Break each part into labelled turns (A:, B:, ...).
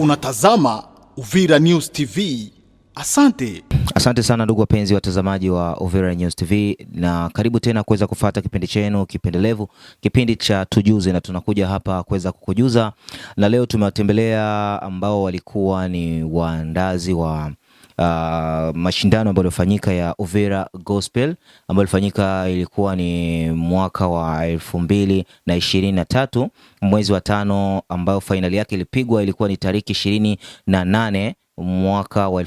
A: Unatazama Uvira News TV. Asante,
B: asante sana ndugu wapenzi watazamaji wa Uvira News TV, na karibu tena kuweza kufata kipindi chenu kipendelevu, kipindi cha Tujuze, na tunakuja hapa kuweza kukujuza, na leo tumewatembelea ambao walikuwa ni waandazi wa uh, mashindano ambayo yalifanyika ya Uvira Gospel ambayo ilifanyika ilikuwa ni mwaka wa elfu mbili na ishirini na tatu mwezi wa tano, ambayo fainali yake ilipigwa ilikuwa ni tariki ishirini na nane mwaka wa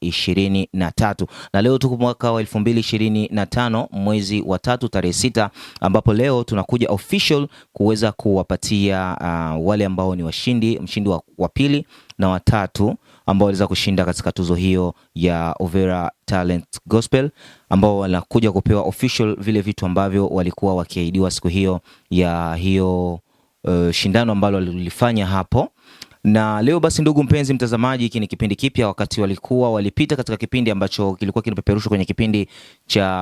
B: ishirini na tatu na leo tuko mwaka wa ishirini na tano mwezi wa tatu tarehe sita, ambapo leo tunakuja official kuweza kuwapatia uh, wale ambao ni washindi, mshindi wa pili na watatu ambao waliweza kushinda katika tuzo hiyo ya Overa Talent Gospel ambao wanakuja kupewa official vile vitu ambavyo walikuwa wakiahidiwa siku hiyo ya hiyo uh, shindano ambalo walilifanya hapo na leo basi, ndugu mpenzi mtazamaji, hiki ni kipindi kipya. Wakati walikuwa walipita katika kipindi ambacho kilikuwa kinapeperushwa kwenye kipindi cha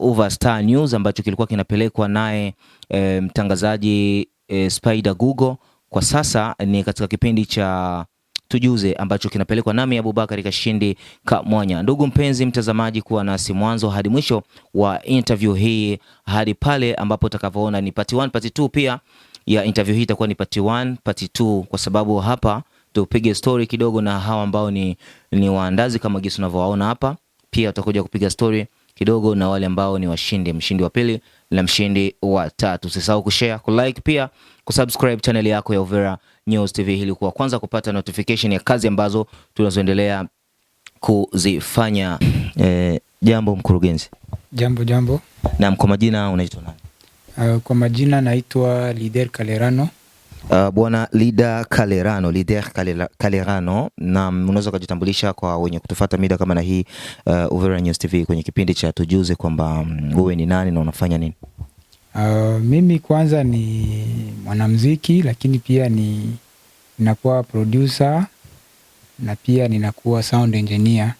B: Overstar News ambacho kilikuwa kinapelekwa naye e, mtangazaji e, Spider Google. Kwa sasa ni katika kipindi cha Tujuze ambacho kinapelekwa nami Abubakari Kashindi Kamwanya. Ndugu mpenzi mtazamaji, kuwa nasi mwanzo hadi mwisho wa interview hii hadi pale ambapo utakavyoona ni part 1, part 2 pia ya interview hii itakuwa ni part 1, part 2 kwa sababu hapa tupige story kidogo na hawa ambao ni, ni waandazi kama jinsi unavyowaona hapa. Pia utakuja kupiga story kidogo na wale ambao ni washindi, mshindi wa pili na mshindi wa tatu. Usisahau kushare, kulike pia kusubscribe channel yako ya Uvira News TV ili kuwa kwanza kupata notification ya kazi ambazo tunazoendelea kuzifanya. E, jambo mkurugenzi.
C: Jambo jambo.
B: Naam, kwa majina unaitwa nani?
C: Uh, kwa majina naitwa Lider Kalerano.
B: Uh, bwana Lida Kalerano, Lider Kalerano, na unaweza ukajitambulisha kwa wenye kutufata mida kama na hii uh, Uvira News TV kwenye kipindi cha tujuze kwamba wewe mm, ni nani na unafanya nini?
C: Uh, mimi kwanza ni mwanamuziki lakini pia ni ninakuwa producer na pia ninakuwa sound engineer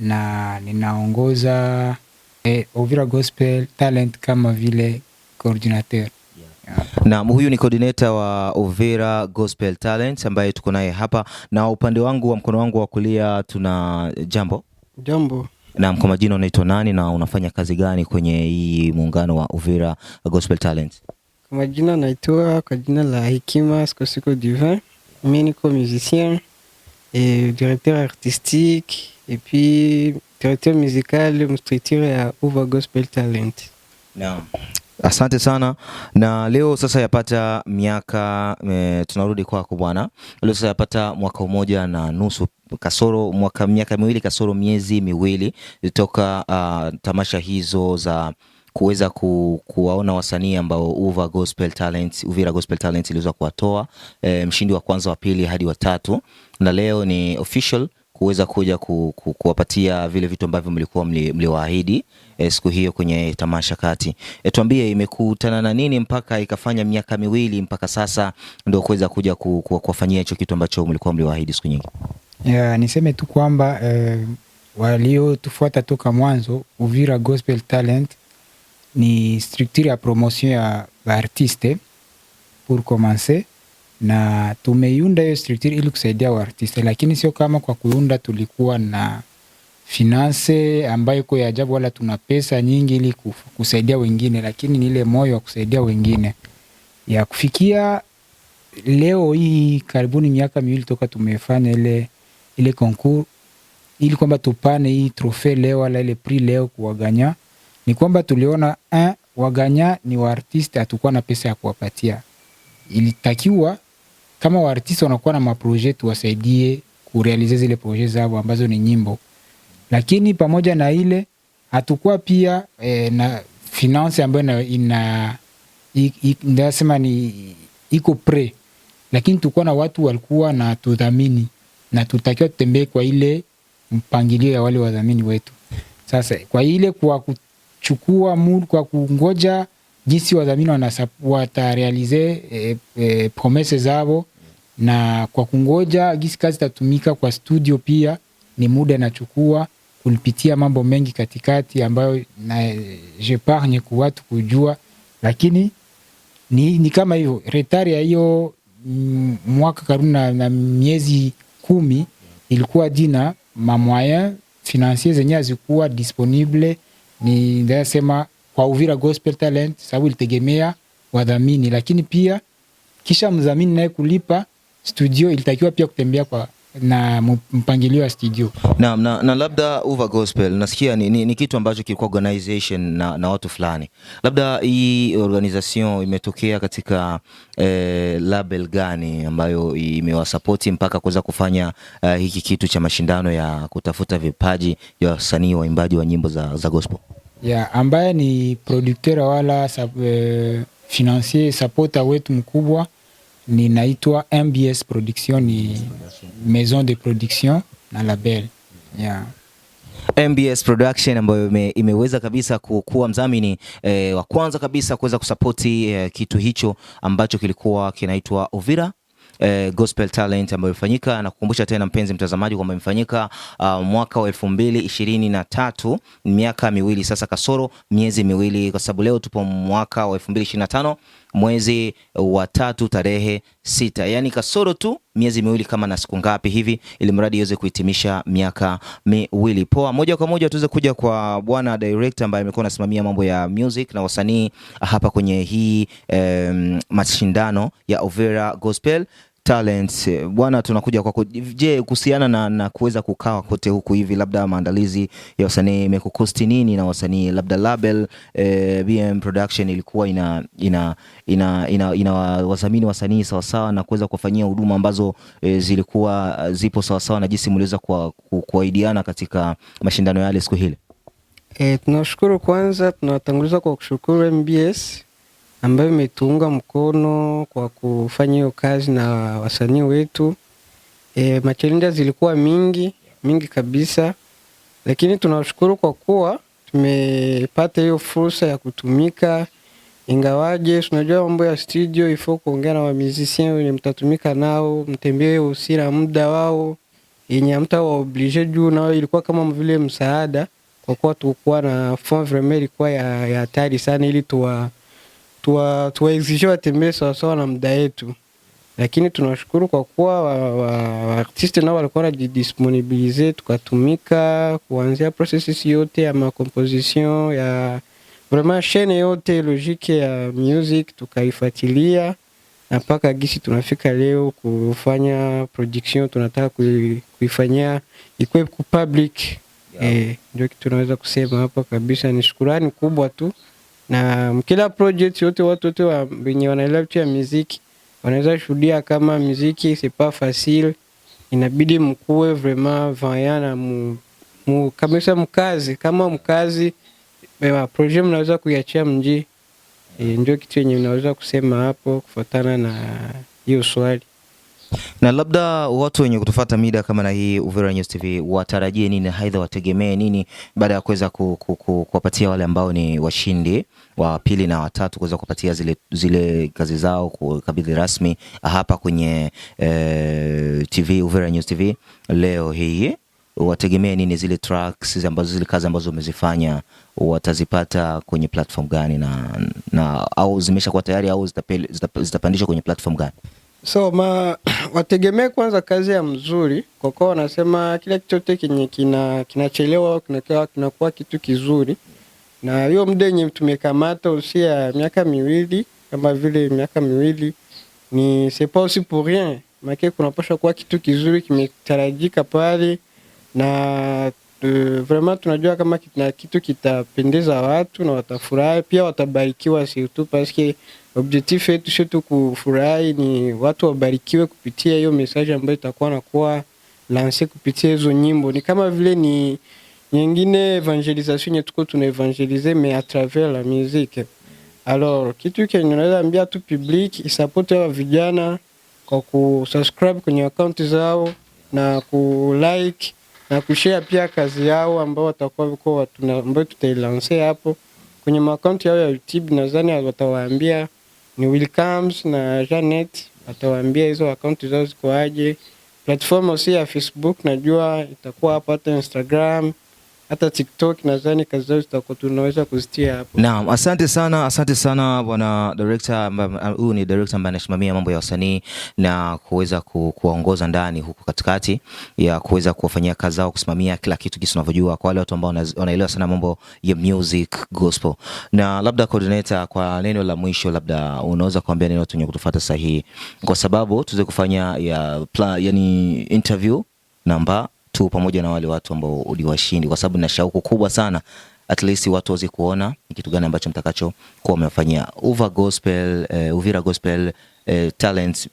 C: na ninaongoza eh, Uvira Gospel Talent kama vile coordinateur. Yeah.
B: Naam, huyu ni coordinator wa Uvira Gospel Talent ambaye tuko naye hapa, na upande wangu wa mkono wangu wa kulia tuna Jambo. Jambo. Naam, kwa majina unaitwa nani na unafanya kazi gani kwenye hii muungano wa Uvira Gospel Talent?
C: Kwa majina naitwa kwa jina la Hekima Sikosiko Divin. Mimi niko musicien et eh, directeur artistique et puis directeur musical structure ya Uvira Gospel Talent.
B: Naam. Asante sana na leo sasa yapata miaka e, tunarudi kwako bwana. Leo sasa yapata mwaka mmoja na nusu kasoro mwaka miaka miwili kasoro miezi miwili toka uh, ah, tamasha hizo za kuweza ku, kuwaona wasanii ambao Uva Gospel Talent, Uvira Gospel Talent iliweza kuwatoa e, mshindi wa kwanza wa pili hadi wa tatu, na leo ni official kuweza kuja ku, ku, kuwapatia vile vitu ambavyo mlikuwa mliwaahidi e, siku hiyo kwenye tamasha kati. E, tuambie imekutana na nini mpaka ikafanya miaka miwili mpaka sasa ndio kuweza kuja ku, ku, kuwafanyia hicho kitu ambacho mlikuwa mliwaahidi siku nyingi?
C: Yeah, niseme tu kwamba eh, waliotufuata toka mwanzo Uvira Gospel Talent ni structure ya promotion ya artiste pour commencer na tumeiunda hiyo structure ili kusaidia waartiste, lakini sio kama kwa kuunda tulikuwa na finance ambayo iko ya ajabu, wala tuna pesa nyingi ili kusaidia wengine, lakini ni ile moyo wa kusaidia wengine ya kufikia leo hii karibuni miaka miwili toka tumefanya ile ile concours, ili kwamba tupane hii trofe leo wala ile prix leo kuwaganya, ni kwamba tuliona eh, waganya ni waartiste, hatukuwa na pesa ya kuwapatia, ilitakiwa kama waartisti wanakuwa na maproje tuwasaidie kurealize zile proje zao ambazo ni nyimbo, lakini pamoja na ile hatukuwa pia e, na finance ambayo ina ndasema ni iko pre, lakini tulikuwa na watu walikuwa na tudhamini na tutakiwa tutembee kwa ile mpangilio ya wale wadhamini wetu. Sasa kwa ile kwa kuchukua muda kwa kungoja jinsi wadhamini watarealize e, eh, e, eh, promese zao na kwa kungoja gisi kazi tatumika kwa studio pia ni muda nachukua kulipitia mambo mengi katikati ambayo na jepargne ku watu kujua, lakini ni, ni kama hivyo retari ya hiyo mm, mwaka karibu na, na miezi kumi ilikuwa jina mamwaya financier zenye hazikuwa disponible. Ni ndasema kwa Uvira Gospel Talent sababu ilitegemea wadhamini, lakini pia kisha mdhamini naye kulipa studio ilitakiwa pia kutembea kwa na mpangilio wa studio
B: na, na, na labda Uva Gospel nasikia ni, ni, ni kitu ambacho kilikuwa organization na, na watu fulani. Labda hii organization imetokea katika eh, label gani ambayo imewasapoti mpaka kuweza kufanya eh, hiki kitu cha mashindano ya kutafuta vipaji vya wasanii waimbaji wa nyimbo za, za gospel
C: yeah, ambaye ni producteur wala sub, eh, financier supporter wetu mkubwa ninaitwa MBS Production, ni maison de production na label yeah.
B: MBS Production ambayo ime, imeweza kabisa kuwa mdhamini e, eh, wa kwanza kabisa kuweza kusapoti e, kitu hicho ambacho kilikuwa kinaitwa Ovira e, gospel talent ambayo imefanyika na kukumbusha tena mpenzi mtazamaji kwamba imefanyika uh, mwaka wa elfu mbili ishirini na tatu miaka miwili sasa kasoro miezi miwili, kwa sababu leo tupo mwaka wa elfu mbili ishirini na tano mwezi wa tatu tarehe sita, yaani kasoro tu miezi miwili kama na siku ngapi hivi, ili mradi iweze kuhitimisha miaka miwili. Poa, moja kwa moja tuweze kuja kwa bwana director ambaye amekuwa anasimamia mambo ya music na wasanii hapa kwenye hii eh, mashindano ya Overa Gospel Talents bwana, tunakuja kwako. Je, kuhusiana na, na kuweza kukaa kote huku hivi, labda maandalizi ya wasanii imekukosti nini, na wasanii labda label eh, BM Production ilikuwa ina ina ina, ina, ina wadhamini wasanii sawasawa na kuweza kuwafanyia huduma ambazo eh, zilikuwa eh, zipo sawasawa na jinsi mliweza kuahidiana katika mashindano yale siku hile?
C: Eh, tunashukuru kwanza, tunatanguliza kwa kushukuru MBS ambayo imetuunga mkono kwa kufanya hiyo kazi na wasanii wetu. E, machallenja zilikuwa mingi mingi kabisa, lakini tunawashukuru kwa kuwa tumepata hiyo fursa ya kutumika, ingawaje tunajua mambo ya studio ifo kuongea na wamizisien wenye mtatumika nao, mtembee usira muda wao yenye mta wa waoblige juu nao ilikuwa kama vile msaada, kwa kuwa tulikuwa na fond vraiment ilikuwa ya hatari sana ili tuwa tuwawezeshe watembee sawasawa na muda yetu, lakini tunashukuru kwa kuwa waartisti wa, wa, nao walikuwa najidisponibilize tukatumika kuanzia processes yote ya makomposition ya vraiment chaine yote logike ya music tukaifuatilia na mpaka gisi tunafika leo kufanya production tunataka kuifanyia ikuwe public. Yeah. Eh, ndio kitu tunaweza kusema hapa kabisa. Ni shukurani kubwa tu na kila project yote, watu wote wa, wenye wanaelewa vitu ya muziki wanaweza shuhudia kama muziki c'est pas facile, inabidi mkuwe vraiment vayana mu, mu, kabisa mkazi kama mkazi eh, wa project mnaweza kuiachia mji e, ndio kitu yenye naweza kusema hapo kufuatana na hiyo swali.
B: Na labda watu wenye kutufuata mida kama na hii Uvira News TV watarajie nini, aidha wategemee nini baada ya kuweza kuwapatia wale ambao ni washindi wa pili na watatu kuweza kupatia zile, zile kazi zao kukabidhi rasmi hapa kwenye eh, TV Uvira News TV leo hii wategemee nini, zile tracks ambazo zile kazi ambazo wamezifanya watazipata kwenye platform gani na, na au zimeshakuwa tayari au zitapandishwa kwenye platform gani?
C: So ma wategemee kwanza kazi ya mzuri, kwa kuwa wanasema kila kichote chote kenye kinachelewa kina kinakuwa kitu kizuri, na hiyo muda yenye tumekamata usia miaka miwili kama vile miaka miwili ni c'est pas aussi pour rien, make kunapasha kuwa kitu kizuri kimetarajika pale na Uh, vraiment tunajua kama na kitu kitapendeza watu na watafurahi pia watabarikiwa, surtout parce que Objectif yetu sio tu kufurahi, ni watu wabarikiwe kupitia hiyo message ambayo itakuwa nakuwa lanse kupitia hizo nyimbo. Ni kama vile ni nyingine evangelization yetu, tuko tuna evangelize me a travers la musique. Alors kitu kenye naweza ambia tu public isupport hawa vijana kwa kusubscribe kwenye account zao na kulike na kushare pia kazi yao ambao watakuwa watu ambao tutailance hapo kwenye account yao ya YouTube. Nadhani watawaambia ni Wilcams na Janet, watawaambia hizo akaunti zao ziko aje. Platform ya Facebook najua itakuwa hapo hata Instagram hata TikTok nadhani kazi zao zitakuwa tunaweza kuzitia hapo.
B: Naam, asante sana, asante sana bwana director. Huyu ni director ambaye anasimamia mambo ya wasanii na kuweza ku, kuwaongoza ndani huku katikati ya kuweza kuwafanyia kazi zao, kusimamia kila kitu kisi tunavyojua, kwa wale watu ambao wanaelewa sana mambo ya music gospel. Na labda coordinator, kwa neno la mwisho, labda unaweza kuambia neno tunye kutufuata sahihi, kwa sababu tuweze kufanya ya, pla, yani interview namba tu pamoja na wale watu ambao uliwashindi, kwa sababu na shauku kubwa sana at least watu waweze kuona ni kitu gani ambacho mtakacho kuwa mmefanyia Uva Gospel, uh, Uvira Gospel uh, eh, Talent,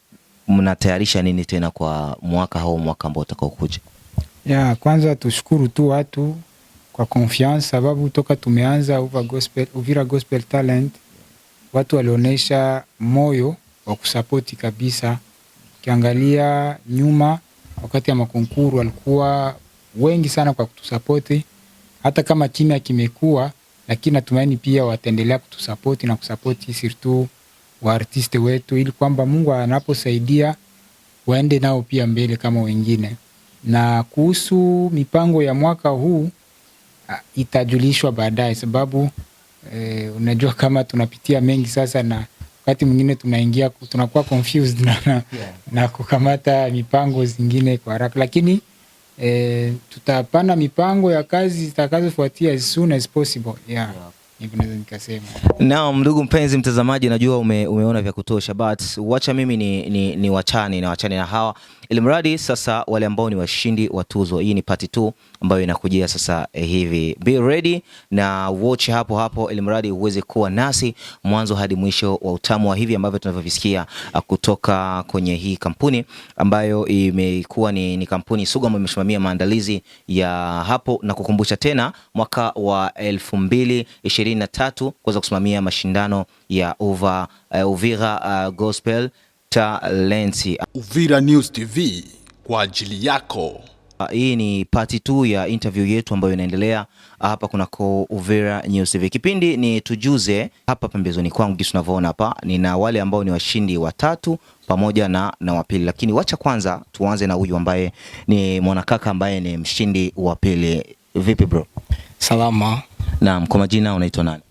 B: Mnatayarisha nini tena kwa mwaka au mwaka ambao utakaokuja?
C: Yeah, kwanza tushukuru tu watu kwa confiance, sababu toka tumeanza Uva Gospel, Uvira Gospel Talent watu walionyesha moyo wa kusapoti kabisa. Ukiangalia nyuma wakati ya makonkuru walikuwa wengi sana kwa kutusapoti, hata kama kimya kimekuwa, lakini natumaini pia wataendelea kutusapoti na kusapoti sirtu waartiste wetu, ili kwamba Mungu anaposaidia waende nao pia mbele kama wengine. Na kuhusu mipango ya mwaka huu itajulishwa baadaye, sababu eh, unajua kama tunapitia mengi sasa na wakati mwingine tunaingia tunakuwa confused na, yeah. na kukamata mipango zingine kwa haraka, lakini e, eh, tutapana mipango ya kazi zitakazofuatia as soon as possible yeah. yeah.
B: Naam, ndugu mpenzi mtazamaji, najua ume, umeona vya kutosha, but wacha mimi ni, ni, ni wachane na wachane na hawa Ilimradi sasa wale ambao ni washindi wa tuzo hii, ni part 2 ambayo inakujia sasa eh, hivi. Be ready na watch hapo hapo, ilimradi uweze kuwa nasi mwanzo hadi mwisho wa utamu wa hivi ambavyo tunavyovisikia ah, kutoka kwenye hii kampuni ambayo imekuwa ni, ni kampuni sugu ambayo imesimamia maandalizi ya hapo, na kukumbusha tena mwaka wa 2023 kuweza kusimamia mashindano ya Uva, uh, Uvira uh, Gospel Talenti.
A: Uvira News TV kwa ajili yako.
B: Ah, hii ni part 2 ya interview yetu ambayo inaendelea hapa kunako Uvira News TV. Kipindi ni tujuze. Hapa pembezoni kwangu jinsi tunavyoona hapa, nina wale ambao ni washindi watatu pamoja na, na wa pili, lakini wacha kwanza tuanze na huyu ambaye ni mwanakaka ambaye ni mshindi wa pili. Vipi bro?
D: Salama.
B: Naam, kwa majina unaitwa nani?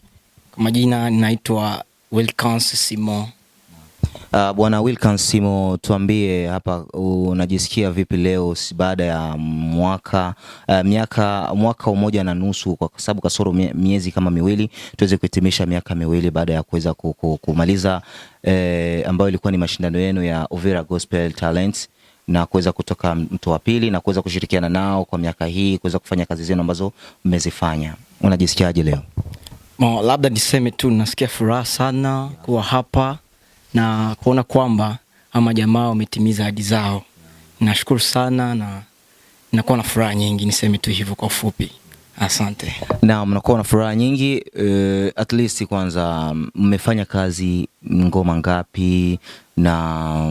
D: Kwa majina ninaitwa Wilkans Simon.
B: Uh, Bwana Wilkan Simo, tuambie hapa unajisikia vipi leo baada ya mwaka uh, miaka mwaka umoja na nusu, kwa sababu kasoro miezi kama miwili tuweze kuhitimisha miaka miwili baada ya kuweza kumaliza eh, ambayo ilikuwa ni mashindano yenu ya Uvira Gospel Talents na kuweza kutoka mtu wa pili na kuweza kushirikiana nao kwa miaka hii kuweza kufanya kazi zenu ambazo mmezifanya, unajisikiaje leo?
D: Mo, labda niseme tu nasikia furaha sana kuwa hapa na kuona kwamba ama jamaa wametimiza ahadi zao. Nashukuru sana na nakuwa na furaha nyingi, niseme tu hivyo kwa ufupi. Asante.
B: Naam, nakuwa na furaha nyingi. Uh, at least kwanza mmefanya kazi ngoma ngapi na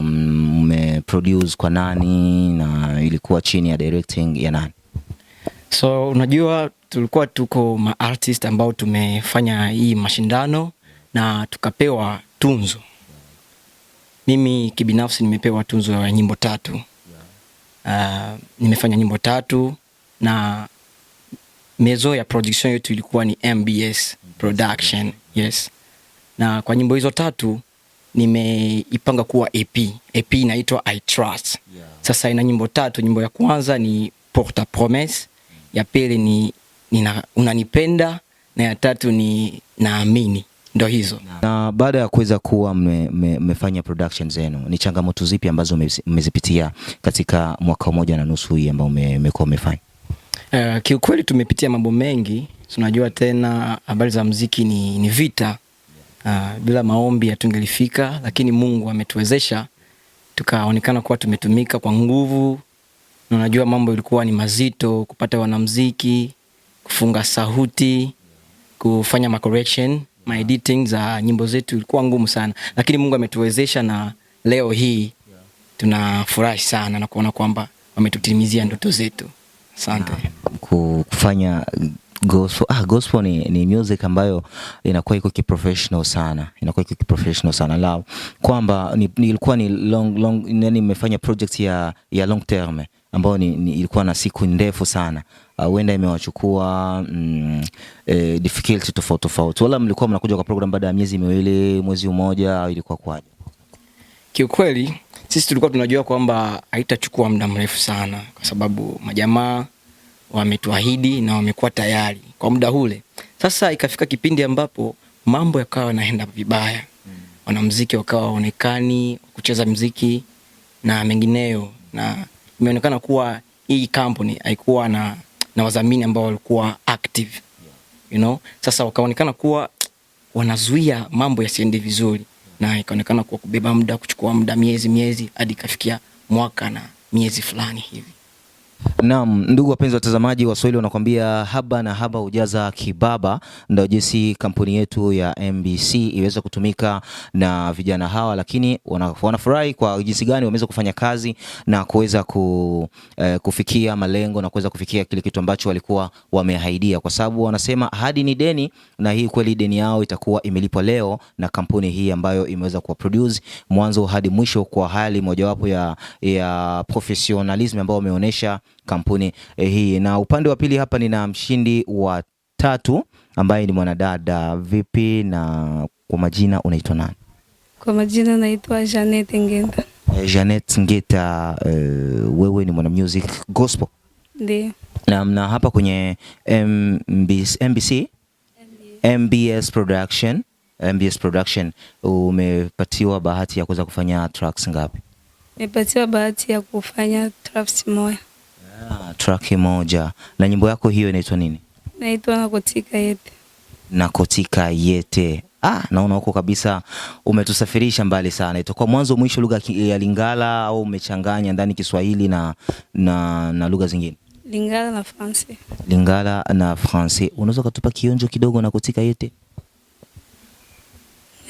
B: mm, mmeproduce kwa nani na ilikuwa chini ya directing ya nani?
D: So unajua tulikuwa tuko artist ambao tumefanya hii mashindano na tukapewa tunzo mimi kibinafsi nimepewa tunzo ya nyimbo tatu. Uh, nimefanya nyimbo tatu na mezo ya production yetu ilikuwa ni MBS Production. Mm-hmm. Yes. Na kwa nyimbo hizo tatu nimeipanga kuwa AP. E AP e inaitwa I Trust. Sasa ina nyimbo tatu. Nyimbo ya kwanza ni Porta Promise, ya pili ni, ni na, unanipenda na ya tatu ni naamini ndio hizo.
B: Na baada ya kuweza kuwa mmefanya me, me, production zenu, ni changamoto zipi ambazo mmezipitia katika mwaka mmoja na nusu hii ambao mmekuwa me, mmefanya?
D: Uh, kiukweli tumepitia mambo mengi, tunajua tena habari za mziki ni, ni vita uh, bila maombi hatungelifika, lakini Mungu ametuwezesha tukaonekana kuwa tumetumika kwa nguvu, na unajua mambo ilikuwa ni mazito, kupata wanamziki, kufunga sauti, kufanya macorrection maediting za nyimbo zetu ilikuwa ngumu sana, lakini Mungu ametuwezesha na leo hii tunafurahi sana na kuona kwamba wametutimizia ndoto zetu. Asante
B: kufanya gospel. Ah, gospel ni, ni music ambayo inakuwa iko kiprofessional sana, inakuwa iko kiprofessional sana lao kwamba nilikuwa ni, ni, long, long, nimefanya project ya, ya long term ambayo ni, ni ilikuwa na siku ndefu sana ah, huenda uh, imewachukua mm, eh, difficulty tofauti tofauti. Wala mlikuwa mnakuja kwa program baada ya miezi miwili, mwezi mmoja, au ilikuwa kwaje?
D: Kiukweli sisi tulikuwa tunajua kwamba haitachukua muda mrefu sana, kwa sababu majamaa wametuahidi na wamekuwa tayari kwa muda ule. Sasa ikafika kipindi ambapo mambo yakawa yanaenda vibaya, wanamziki wakawa waonekani kucheza mziki na mengineyo na imeonekana kuwa hii kampuni haikuwa na, na wazamini ambao walikuwa active you know? Sasa wakaonekana kuwa wanazuia mambo yasiende vizuri, na ikaonekana kuwa kubeba muda, kuchukua muda miezi miezi, hadi ikafikia mwaka na miezi fulani hivi.
B: Naam, ndugu wapenzi watazamaji, Waswahili wanakuambia haba na haba hujaza kibaba. Ndio jinsi kampuni yetu ya MBC iweza kutumika na vijana hawa, lakini wanafurahi kwa jinsi gani wameweza kufanya kazi na kuweza ku, eh, kufikia malengo na kuweza kufikia kile kitu ambacho walikuwa wameahidia, kwa sababu wanasema ahadi ni deni, na hii kweli deni yao itakuwa imelipwa leo na kampuni hii ambayo imeweza kuwa produce mwanzo hadi mwisho kwa hali mojawapo ya, ya professionalism ambao wameonyesha kampuni eh, hii. Na upande wa pili hapa nina mshindi wa tatu ambaye ni mwanadada. Vipi na kwa majina unaitwa nani?
E: Kwa majina naitwa Janet Ngeta.
B: Eh, Janet Ngeta, uh, wewe ni mwana music gospel? Ndiyo. Na, na hapa kwenye MBC, MBC? MBS Production, MBS Production umepatiwa bahati ya kuweza kufanya tracks ngapi?
E: Nimepatiwa bahati ya kufanya tracks moja.
B: Ah, moja. Na nyimbo yako hiyo inaitwa nini?
E: Naitwa Nakotika Yete.
B: Nakotika Yete. Ah, naona huko kabisa umetusafirisha mbali sana. Itakuwa mwanzo mwisho lugha ya Lingala au umechanganya ndani Kiswahili na, na, na lugha zingine?
E: Lingala na Fransi.
B: Lingala na Fransi. Unaweza ukatupa kionjo kidogo Nakotika Yete?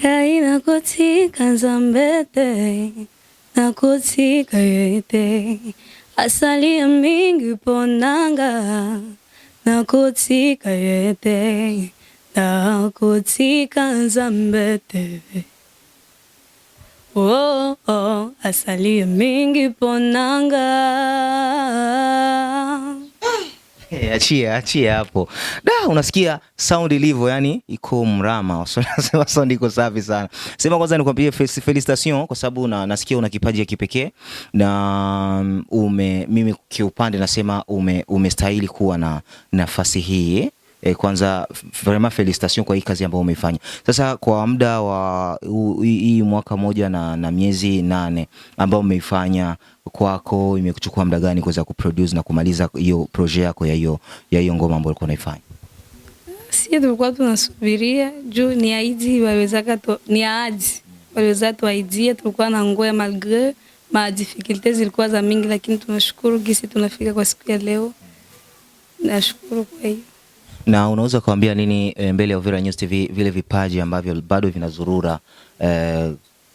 E: Ai, nakotika Nzambete, nakotika Yete. asali mingi mpo nanga nakotika ye te nakotika nzambe te oh, oh, asali mingi mpo nanga
B: Hey, eh, achia achia hapo. Da, unasikia sound ilivyo, yani iko mrama. Wasema sound iko safi sana. Sema kwanza nikwambie felicitation kwa sababu na, nasikia una kipaji ya kipekee na ume, mimi kiupande nasema ume umestahili kuwa na nafasi hii E, kwanza vraiment felicitation kwa hii kazi ambayo umeifanya. Sasa kwa muda wa hii mwaka moja na, na miezi nane ambayo umeifanya kwako, imekuchukua muda gani kuweza kuproduce na kumaliza hiyo projet yako ya hiyo ya hiyo ngoma ambayo ulikuwa unaifanya?
E: Sisi tulikuwa tunasubiria juu ni aidi wawezaka ni aadi waliweza tuaidie, tulikuwa na nguo ya malgre ma difficulties zilikuwa za mingi, lakini tunashukuru gisi tunafika kwa siku ya leo, nashukuru kwa hiyo
B: na unaweza kuambia nini eh, mbele ya Uvira News TV, vile vipaji ambavyo bado vinazurura eh,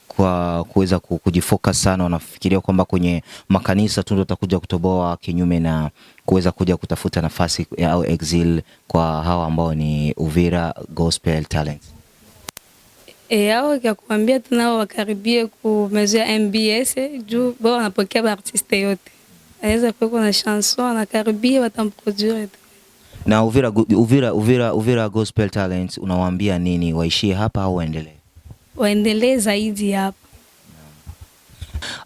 B: kwa kuweza kujifocus sana, wanafikiria kwamba kwenye makanisa tu ndio utakuja kutoboa, kinyume na kuweza kuja kutafuta nafasi au exil kwa hawa ambao ni Uvira Gospel Talent.
E: E, ao kakuambia tunao wakaribie kumezea MBS juu bao wanapokea artiste yote, anaweza kuwa na chanson anakaribia watamproduire
B: na Uvira, Uvira, Uvira, Uvira Gospel Talents unawaambia nini? Waishie hapa au waendelee?
E: Waendelee zaidi hapa.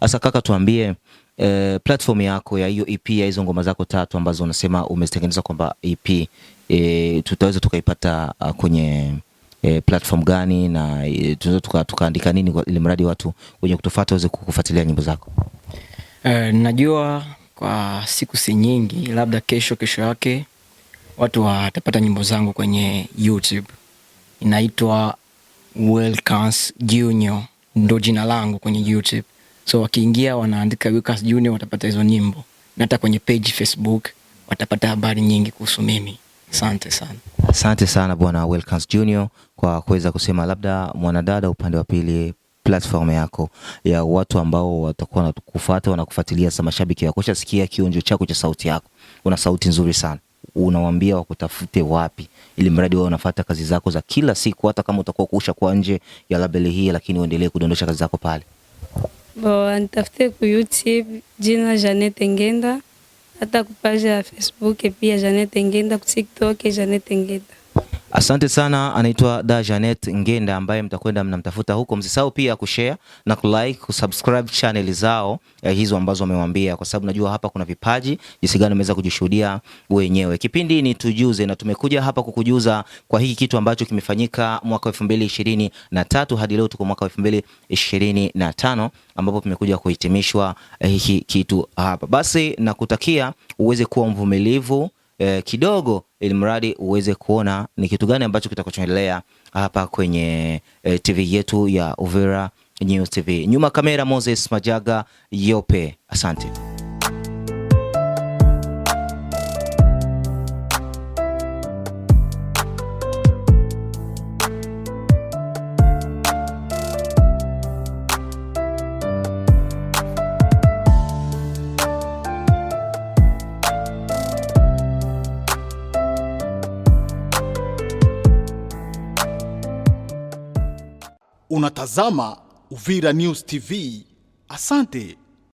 B: Asa kaka, tuambie eh, platform yako ya hiyo EP ya hizo ngoma zako tatu ambazo unasema umezitengeneza kwamba EP eh, tutaweza tukaipata ah, kwenye E, platform gani na eh, tunaweza tukaandika tuka nini ili mradi watu wenye kutufuata waweze kukufuatilia nyimbo zako?
D: E, najua kwa siku si nyingi, labda kesho kesho yake watu watapata nyimbo zangu kwenye YouTube, inaitwa Wilcans Junior, ndo jina langu kwenye YouTube. So wakiingia wanaandika Wilcans Junior watapata hizo nyimbo, na hata kwenye page Facebook watapata habari nyingi kuhusu mimi. Asante sana,
B: asante sana Bwana Wilcans Junior kwa kuweza kusema. Labda mwanadada, upande wa pili platform yako ya watu ambao watakuwa wanakufuata wanakufuatilia, sa mashabiki wako, shasikia kionjo chako cha sauti yako, una sauti nzuri sana unawambia wakutafute wapi, ili mradi wao unafuata kazi zako za kila siku, hata kama utakuwa kuusha kwa nje ya labeli hii, lakini uendelee kudondosha kazi zako pale.
E: Bo, nitafute ku YouTube jina Janete Ngenda, hata kupaja ya Facebook pia Janete Ngenda, ku TikTok Janete Ngenda.
B: Asante sana, anaitwa Da Janet Ngenda ambaye mtakwenda mnamtafuta huko. Msisahau pia kushare na kulike, kusubscribe channel zao eh, hizo ambazo wamewambia, kwa sababu najua hapa kuna vipaji jinsi gani umeweza kujishuhudia wenyewe. Kipindi ni tujuze, na tumekuja hapa kukujuza kwa hiki kitu ambacho kimefanyika mwaka 2023 hadi leo tuko mwaka 2025 ambapo tumekuja kuhitimishwa eh, hiki kitu hapa. Basi nakutakia uweze kuwa mvumilivu eh, kidogo, ili mradi uweze kuona ni kitu gani ambacho kitakachoendelea hapa kwenye eh, TV yetu ya Uvira News TV. Nyuma kamera Moses Majaga Yope, asante. unatazama Uvira News TV. Asante.